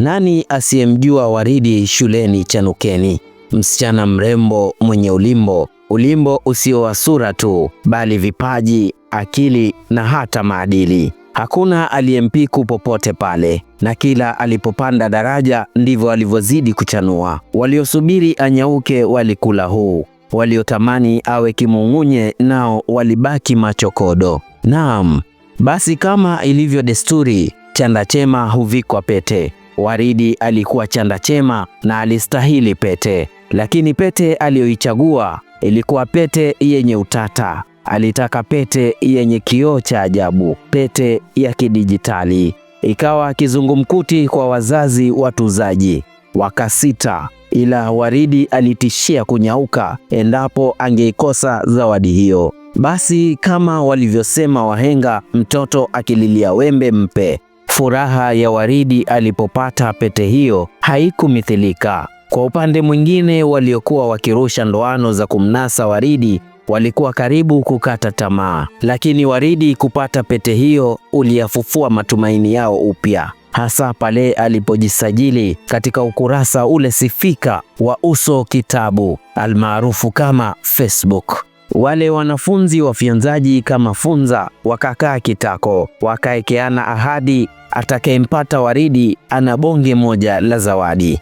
Nani asiyemjua Waridi shuleni Chanukeni, msichana mrembo mwenye ulimbo, ulimbo usio wa sura tu, bali vipaji, akili na hata maadili. Hakuna aliyempiku popote pale, na kila alipopanda daraja ndivyo alivyozidi kuchanua. Waliosubiri anyauke walikula huu, waliotamani awe kimung'unye nao walibaki machokodo. Naam, basi kama ilivyo desturi, chanda chema huvikwa pete. Waridi alikuwa chanda chema na alistahili pete, lakini pete aliyoichagua ilikuwa pete yenye utata. Alitaka pete yenye kioo cha ajabu, pete ya kidijitali. Ikawa kizungumkuti kwa wazazi watuzaji, wakasita, ila Waridi alitishia kunyauka endapo angeikosa zawadi hiyo. Basi kama walivyosema wahenga, mtoto akililia wembe mpe. Furaha ya Waridi alipopata pete hiyo haikumithilika. Kwa upande mwingine, waliokuwa wakirusha ndoano za kumnasa Waridi walikuwa karibu kukata tamaa, lakini Waridi kupata pete hiyo uliyafufua matumaini yao upya, hasa pale alipojisajili katika ukurasa ule sifika wa Uso Kitabu almaarufu kama Facebook. Wale wanafunzi wafyanzaji kama funza wakakaa kitako, wakaekeana ahadi, atakayempata Waridi ana bonge moja la zawadi.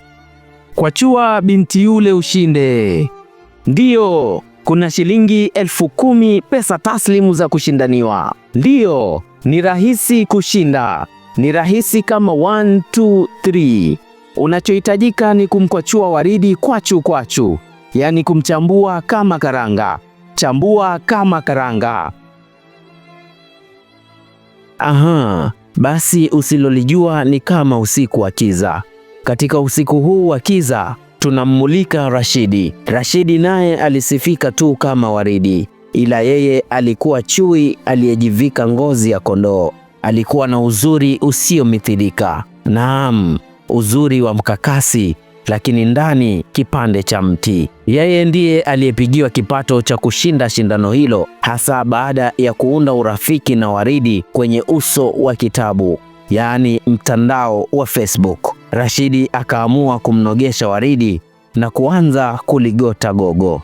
Kwa chua binti yule ushinde, ndiyo kuna shilingi elfu kumi pesa taslimu za kushindaniwa. Ndiyo, ni rahisi kushinda, ni rahisi kama 1 2 3. Unachohitajika ni kumkwachua Waridi kwachu kwachu, yaani kumchambua kama karanga chambua kama karanga. Aha, basi usilolijua ni kama usiku wa kiza. Katika usiku huu wa kiza tunammulika Rashidi. Rashidi naye alisifika tu kama waridi, ila yeye alikuwa chui aliyejivika ngozi ya kondoo. Alikuwa na uzuri usiomithilika, naam, uzuri wa mkakasi lakini ndani kipande cha mti. Yeye ndiye aliyepigiwa kipato cha kushinda shindano hilo, hasa baada ya kuunda urafiki na Waridi kwenye uso wa kitabu, yaani mtandao wa Facebook. Rashidi akaamua kumnogesha Waridi na kuanza kuligota gogo.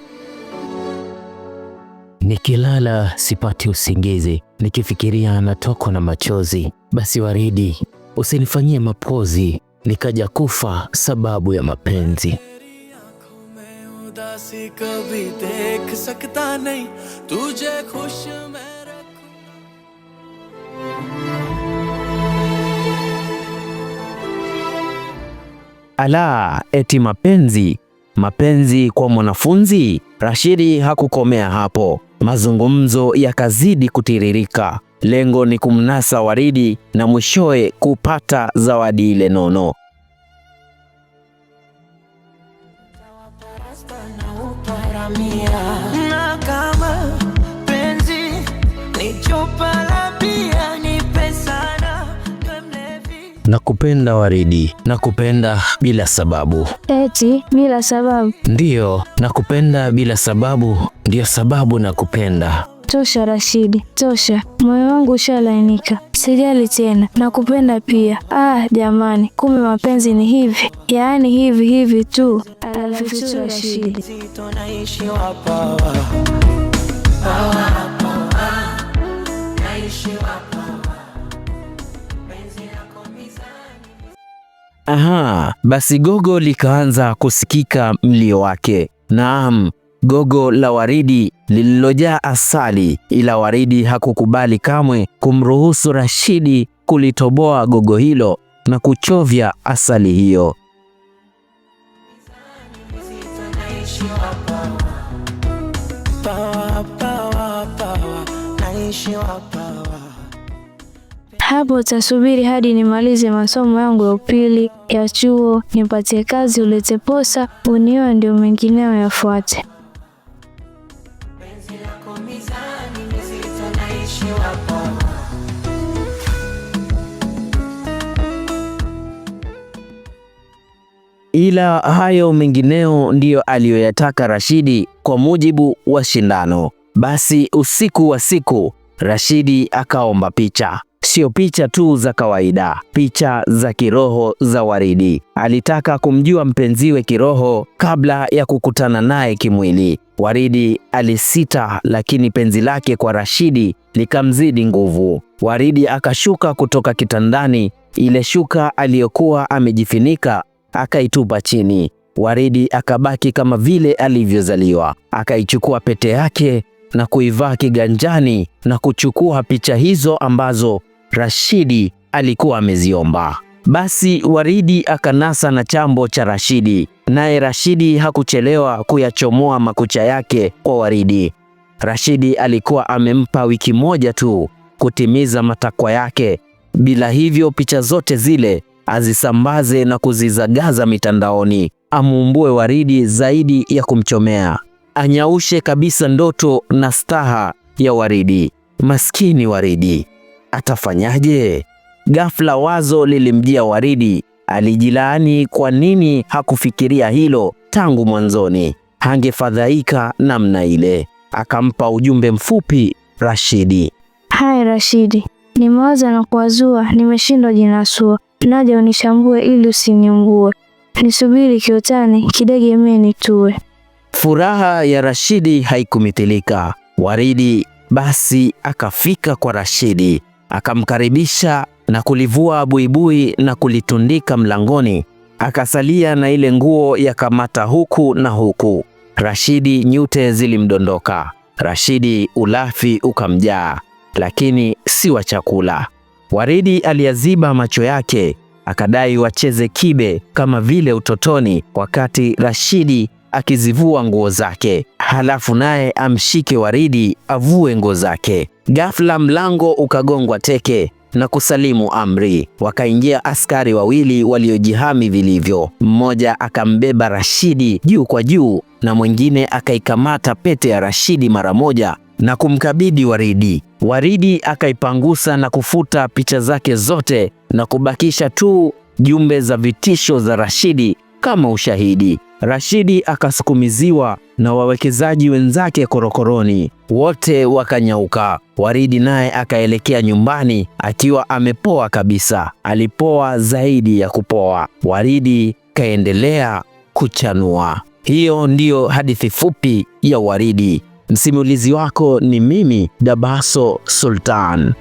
Nikilala sipati usingizi, nikifikiria natokwa na machozi. Basi Waridi, usinifanyie mapozi, nikaja kufa sababu ya mapenzi. Ala, eti mapenzi mapenzi kwa mwanafunzi? Rashidi hakukomea hapo, mazungumzo yakazidi kutiririka. Lengo ni kumnasa Waridi na mwishowe kupata zawadi ile nono. nakupenda Waridi, nakupenda bila sababu. Eti bila sababu? Ndiyo, nakupenda bila sababu, ndiyo sababu nakupenda. Tosha Rashidi, tosha. Moyo wangu ushalainika, sijali tena, nakupenda pia. Ah jamani, kumbe mapenzi ni hivi, yaani hivi hivi tu. Alafitu Rashidi. Aha, basi gogo likaanza kusikika mlio wake. Naam, gogo la Waridi lililojaa asali, ila Waridi hakukubali kamwe kumruhusu Rashidi kulitoboa gogo hilo na kuchovya asali hiyo. Hapo tasubiri hadi nimalize masomo yangu ya upili ya chuo, nipatie kazi, ulete posa, unio ndio mengineo yafuate. ila hayo mengineo ndiyo aliyoyataka Rashidi kwa mujibu wa shindano. Basi usiku wa siku Rashidi akaomba picha, sio picha tu za kawaida, picha za kiroho za Waridi. Alitaka kumjua mpenziwe kiroho kabla ya kukutana naye kimwili. Waridi alisita, lakini penzi lake kwa Rashidi likamzidi nguvu. Waridi akashuka kutoka kitandani, ile shuka aliyokuwa amejifunika akaitupa chini. Waridi akabaki kama vile alivyozaliwa. Akaichukua pete yake na kuivaa kiganjani na kuchukua picha hizo ambazo Rashidi alikuwa ameziomba. Basi Waridi akanasa na chambo cha Rashidi, naye Rashidi hakuchelewa kuyachomoa makucha yake kwa Waridi. Rashidi alikuwa amempa wiki moja tu kutimiza matakwa yake, bila hivyo picha zote zile azisambaze na kuzizagaza mitandaoni, amuumbue waridi zaidi ya kumchomea, anyaushe kabisa ndoto na staha ya waridi. Maskini waridi atafanyaje? Ghafla wazo lilimjia waridi. Alijilaani kwa nini hakufikiria hilo tangu mwanzoni, hangefadhaika namna ile. Akampa ujumbe mfupi Rashidi. Hai Rashidi, Nimewaza na kuwazua, nimeshindwa jinasua, naja unishambue ili usinimbue, nisubiri kiotani, kidegemee nitue. Furaha ya Rashidi haikumitilika. Waridi basi akafika kwa Rashidi, akamkaribisha na kulivua buibui na kulitundika mlangoni, akasalia na ile nguo ya kamata huku na huku. Rashidi nyute zilimdondoka, Rashidi ulafi ukamjaa lakini si wa chakula. Waridi aliyaziba macho yake akadai wacheze kibe kama vile utotoni, wakati Rashidi akizivua nguo zake, halafu naye amshike Waridi avue nguo zake. Ghafla mlango ukagongwa teke na kusalimu amri. Wakaingia askari wawili waliojihami vilivyo. Mmoja akambeba Rashidi juu kwa juu na mwingine akaikamata pete ya Rashidi mara moja na kumkabidhi Waridi. Waridi akaipangusa na kufuta picha zake zote na kubakisha tu jumbe za vitisho za Rashidi kama ushahidi. Rashidi akasukumiziwa na wawekezaji wenzake korokoroni, wote wakanyauka. Waridi naye akaelekea nyumbani akiwa amepoa kabisa. Alipoa zaidi ya kupoa, Waridi kaendelea kuchanua. Hiyo ndiyo hadithi fupi ya Waridi. Msimulizi wako ni mimi Dabaso Sultan.